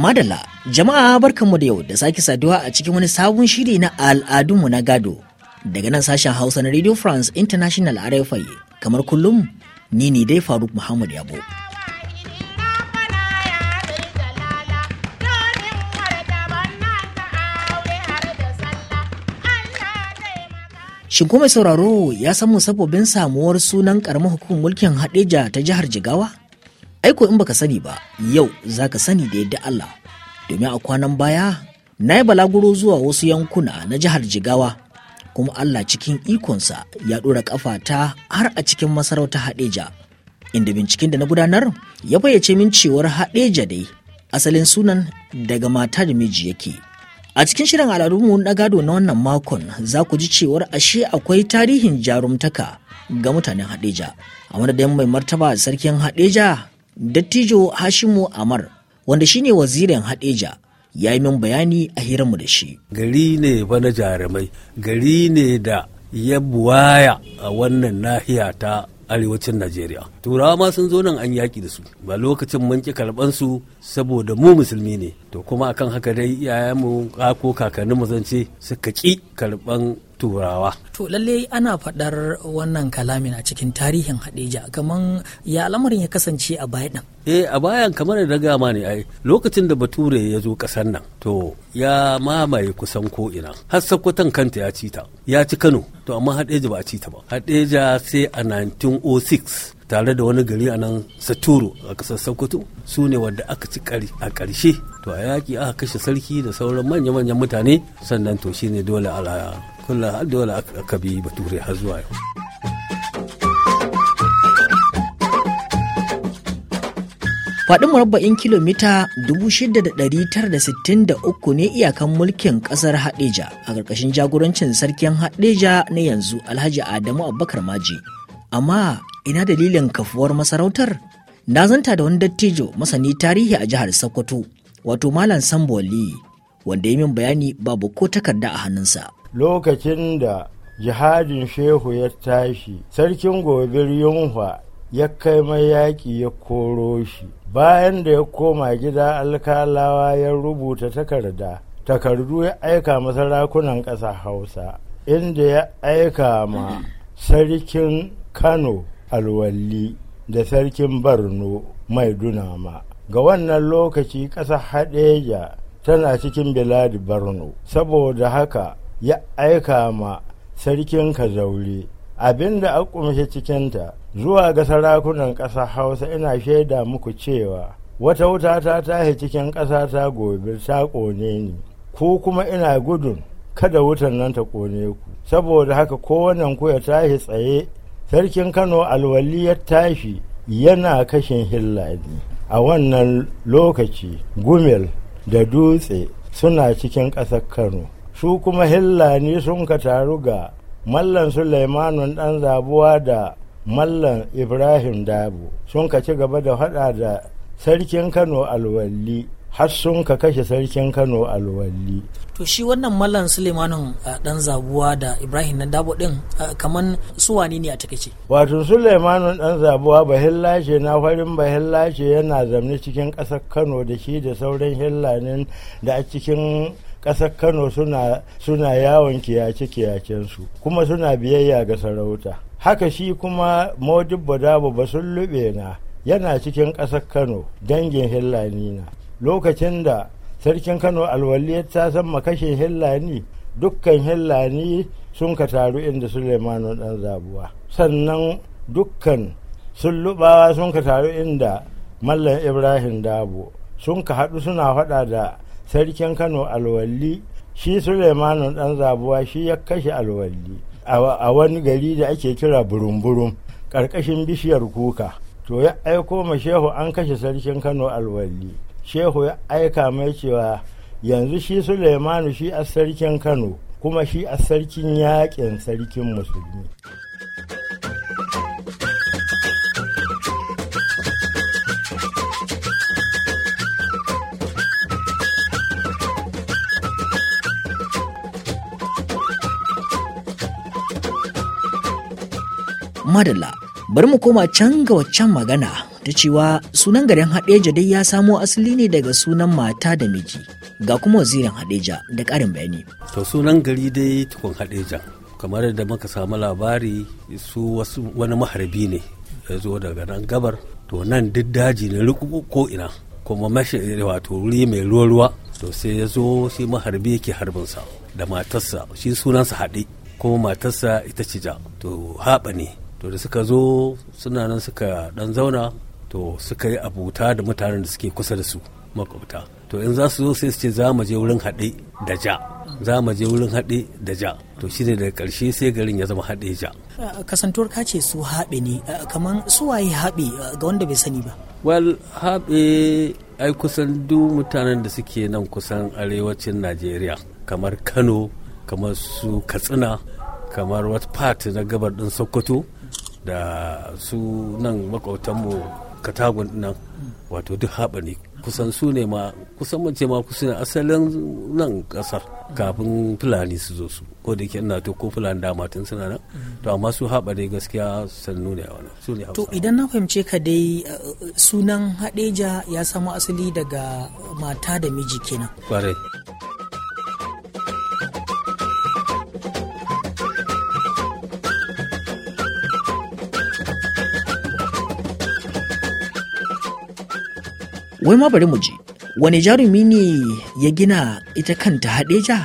Madala, jama'a barkanmu da yau da sake saduwa a cikin wani sabon shiri na al'adunmu na gado. Daga nan sashen Hausa na Radio France International RFI, kamar kullum, ni ne dai Faruk Muhammad Yabo. Shin kuma sauraro ya samu sabobin samuwar sunan karamar hukumar mulkin Hadeja ta jihar Jigawa? Aiko in baka sani ba, yau za ka sani da yadda Allah, domin a kwanan baya na yi balaguro zuwa wasu yankuna na jihar Jigawa, kuma Allah cikin ikonsa ya ɗora ta har a cikin masarauta Haɗeja, inda binciken da na gudanar ya bayyace min cewar Haɗeja dai asalin sunan daga mata da miji yake. A cikin shirin al'adunmu na gado na wannan makon za ku ji cewar ashe akwai tarihin jarumtaka ga mutanen haɗeja. A wani mai martaba sarkin haɗeja. Dattijo Hashimu Amar wanda shine wazirin Hadeja ya yi min bayani a hiranmu da shi. Gari ne ba na jarumai, gari ne da ya buwaya a wannan nahiya ta arewacin Najeriya. Turawa ma sun zo nan an yaƙi da su, ba lokacin mun ƙi karɓan su saboda mu musulmi ne. To kuma akan haka dai iyayenmu ko kakanninmu zan ce suka ƙi karɓan turawa to lalle ana faɗar wannan kalamin a cikin tarihin hadeja kaman ya lamarin ya kasance a baya ɗin eh a bayan kamar da gama ne ai lokacin da bature ya zo ƙasar nan to ya mamaye kusan ko'ina. har sakkwatan kanta ya ci ta ya ci kano to amma hadeja ba a ci ta ba hadeja sai a 1906 tare da wani gari a nan saturu a ƙasar sokoto su ne wadda aka ci a ƙarshe to a yaƙi aka kashe sarki da sauran manya-manyan mutane sannan to ne dole a har dole aka bi bature har zuwa yau Faɗin murabba'in kilomita 6,963 ne iyakan mulkin ƙasar haɗeja a ƙarƙashin jagorancin sarkin haɗeja na yanzu Alhaji Adamu Abubakar Maji. Amma ina dalilin kafuwar masarautar na zanta da wani dattijo masani tarihi a jihar sokoto wato malam samboli wanda ya min bayani babu ko takarda a hannunsa lokacin da jihadin shehu ya tashi sarkin gobir yunwa ya kai mai yaƙi ya koro shi bayan da ya koma gida alkalawa ya rubuta takarda takardu ya aika masarakunan ƙasa hausa inda ya aika ma sarkin kano alwalli da sarkin barno mai dunama ga wannan lokaci ƙasar hadeja tana cikin biladi barno saboda haka ya aika ma sarkin ka zaure abinda a kumshe cikinta zuwa ga sarakunan ƙasar hausa ina shaida muku cewa wata wuta ta tahi cikin ƙasa ta gobe ta ƙone ni ko kuma ina gudun kada wutan nan ta ƙone ku saboda haka kowannen ku ya tahi tsaye sarkin kano alwali ya tashi yana kashin hillani a wannan lokaci gumel da dutse suna cikin ƙasar kano su kuma hillani sun ka taru ga mallan suleimanun ɗan zabuwa da mallan ibrahim dabu sun ka ci gaba da hada da sarkin kano alwalli har sun ka kashe sarkin kano alwalli to shi wannan mallan a dan zabuwa da ibrahim na dabo din kaman wani ne a takaice wato suleimanin dan zabuwa ba hillashe na farin ba hillashe yana zamne cikin ƙasar kano da shi da sauran hillanin da a cikin ƙasar kano suna, suna yawon kiyace kiyacensu kuma suna biyayya ga sarauta haka shi kuma modibbo dabo ba sun lube na yana cikin ƙasar kano dangin hillani na lokacin da sarkin kano alwali ta san makashe hillani dukkan hillani sun ka taru inda suleimanu dan zabuwa sannan dukkan sullubawa sun ka taru inda mallam ibrahim dabo sun ka haɗu suna faɗa da sarkin kano alwali shi suleimanu dan zabuwa shi ya kashe alwali a wani gari da ake kira burumburum ƙarƙashin bishiyar kuka to ya aiko ma shehu an kashe sarkin kano alwali shehu ya aika mai cewa yanzu shi suleimanu shi a sarkin kano kuma shi a sarkin yakin sarkin musulmi madala bari mu koma can ga waccan magana ta cewa sunan garin haɗeja dai ya samo asali ne daga sunan mata da miji ga kuma wazirin haɗeja da karin bayani. To sunan gari dai tukun haɗeja kamar da muka samu labari su wasu wani maharbi ne ya zo daga nan gabar to nan duk daji ne rukuku ko ina kuma mashi wato wuri mai ruwa ruwa to sai ya zo shi maharbi yake harbinsa da matarsa shi sunansa haɗe kuma matarsa ita ce ja to haɓa ne to da suka zo suna nan suka ɗan zauna to suka yi abuta da mutanen da suke kusa da su makwabta to in za su zo sai su ce za mu je wurin haɗe da ja za mu je wurin haɗe da ja to shi ne daga ƙarshe sai garin ya zama haɗe ja kasantuwar ka ce su haɓe ne kamar waye haɓe ga wanda bai sani ba well haɓe ai kusan duk mutanen da suke nan kusan arewacin najeriya kamar kano kamar su katsina kamar wata part na gabar ɗin sokoto da su nan makwautanmu katagun nan wato duk haɓa ne kusan su ne ma kusan mace ma kusa ne asalin nan kasar kafin fulani su zo su ko da ina to ko fulani dama tun suna nan to amma su haɓa dai gaskiya sannu ne wani su ne to idan na fahimce ka dai eh, sunan haɗeja ya samo asali daga mata da miji kenan kwarai wai ma bari mu ji wani jarumi ne ya gina ita kanta hadeja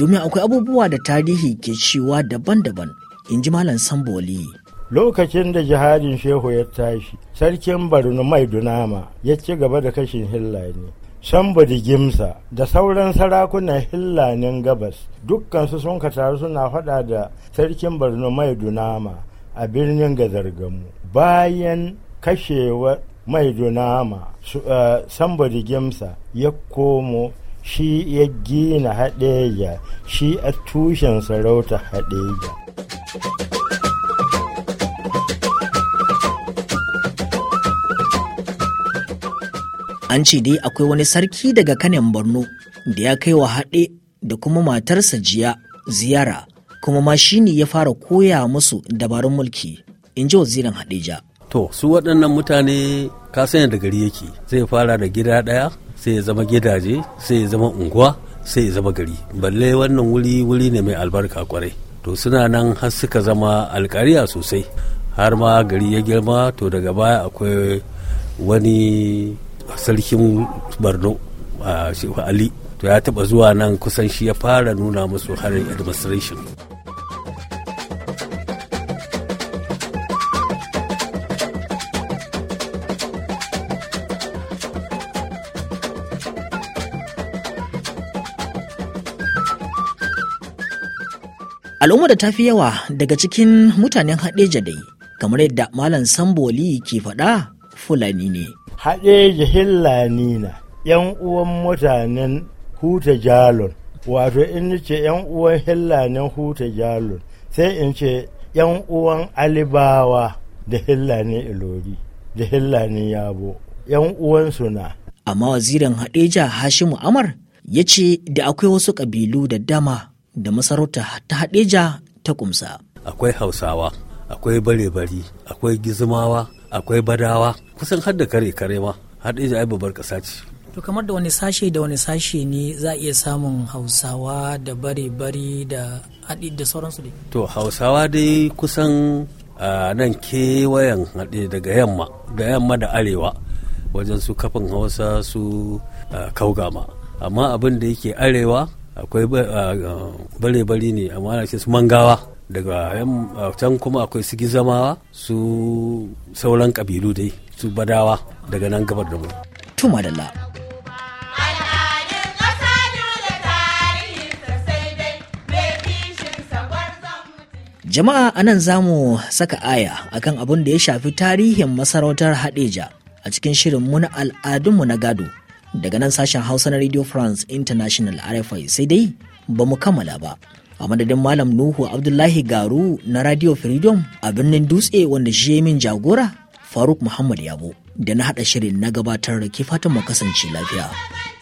domin akwai abubuwa da tarihi ke cewa daban-daban in ji malam samboli lokacin da jihadin shehu ya tashi sarkin barno mai dunama ya ci gaba da kashin hillani da gimsa da sauran sarakunan hillanin gabas dukkansu sun taru suna faɗa da sarkin barno mai dunama a birnin gazargamu bayan kashewa mai dunama sambodi eh, gimsa ya komo shi ya gina haɗeja shi a tushen sarauta haɗeja an ce dai akwai wani sarki daga kanin borno da ya kai wa haɗe da kuma matarsa jiya ziyara kuma ma shi ne ya fara koya musu dabarun mulki in ji wazirin haɗeja To, su waɗannan mutane ka sanya da gari yake zai fara da gida ɗaya sai ya zama gidaje sai ya zama unguwa sai ya zama gari. Balle wannan wuri wuri ne mai albarka kwarai. To suna nan har suka zama alkariya sosai har ma gari ya girma to daga baya akwai wani sarkin Borno a Ali. To ya taɓa zuwa nan kusan shi ya fara nuna musu harin administration. al'umma da ta fi yawa daga cikin mutanen haɗeja dai kamar yadda malam samboli ke faɗa fulani ne haɗeja hillani na yan uwan mutanen huta jalon wato in ce yan uwan hillanin huta jalon sai in ce yan uwan alibawa da hillanin ilori da hillanin yabo yan uwansu na amma wazirin haɗeja hashimu amar ya ce da akwai wasu ƙabilu da dama da masarauta ta haɗeja ta kumsa. Akwai Hausawa, akwai bare-bari, akwai gizmawa, akwai badawa, kusan har kare-kare ma, haɗeja ai babbar ƙasa ce. To kamar da wani sashe da wani sashe ne za a iya samun Hausawa da bare-bari da haɗi da sauransu ne? To Hausawa dai kusan nan kewayen haɗe daga yamma, da yamma da arewa. wajen su kafin hausa su kaugama amma abin da yake arewa akwai bare-bare ne amma ana ce su mangawa daga can kuma akwai su gizamawa su sauran kabilu dai su badawa daga nan gabar da mu. la Jama'a anan zamu saka aya akan abin da ya shafi tarihin masarautar Hadeja a cikin shirin na al'adunmu na gado. daga nan sashen hausa na radio france international rfi sai dai ba mu kammala ba a madadin malam nuhu abdullahi garu na radio freedom a birnin dutse wanda shi ya min jagora faruk muhammad yabo da na haɗa shirin na gabatar da ke fatan mu kasance lafiya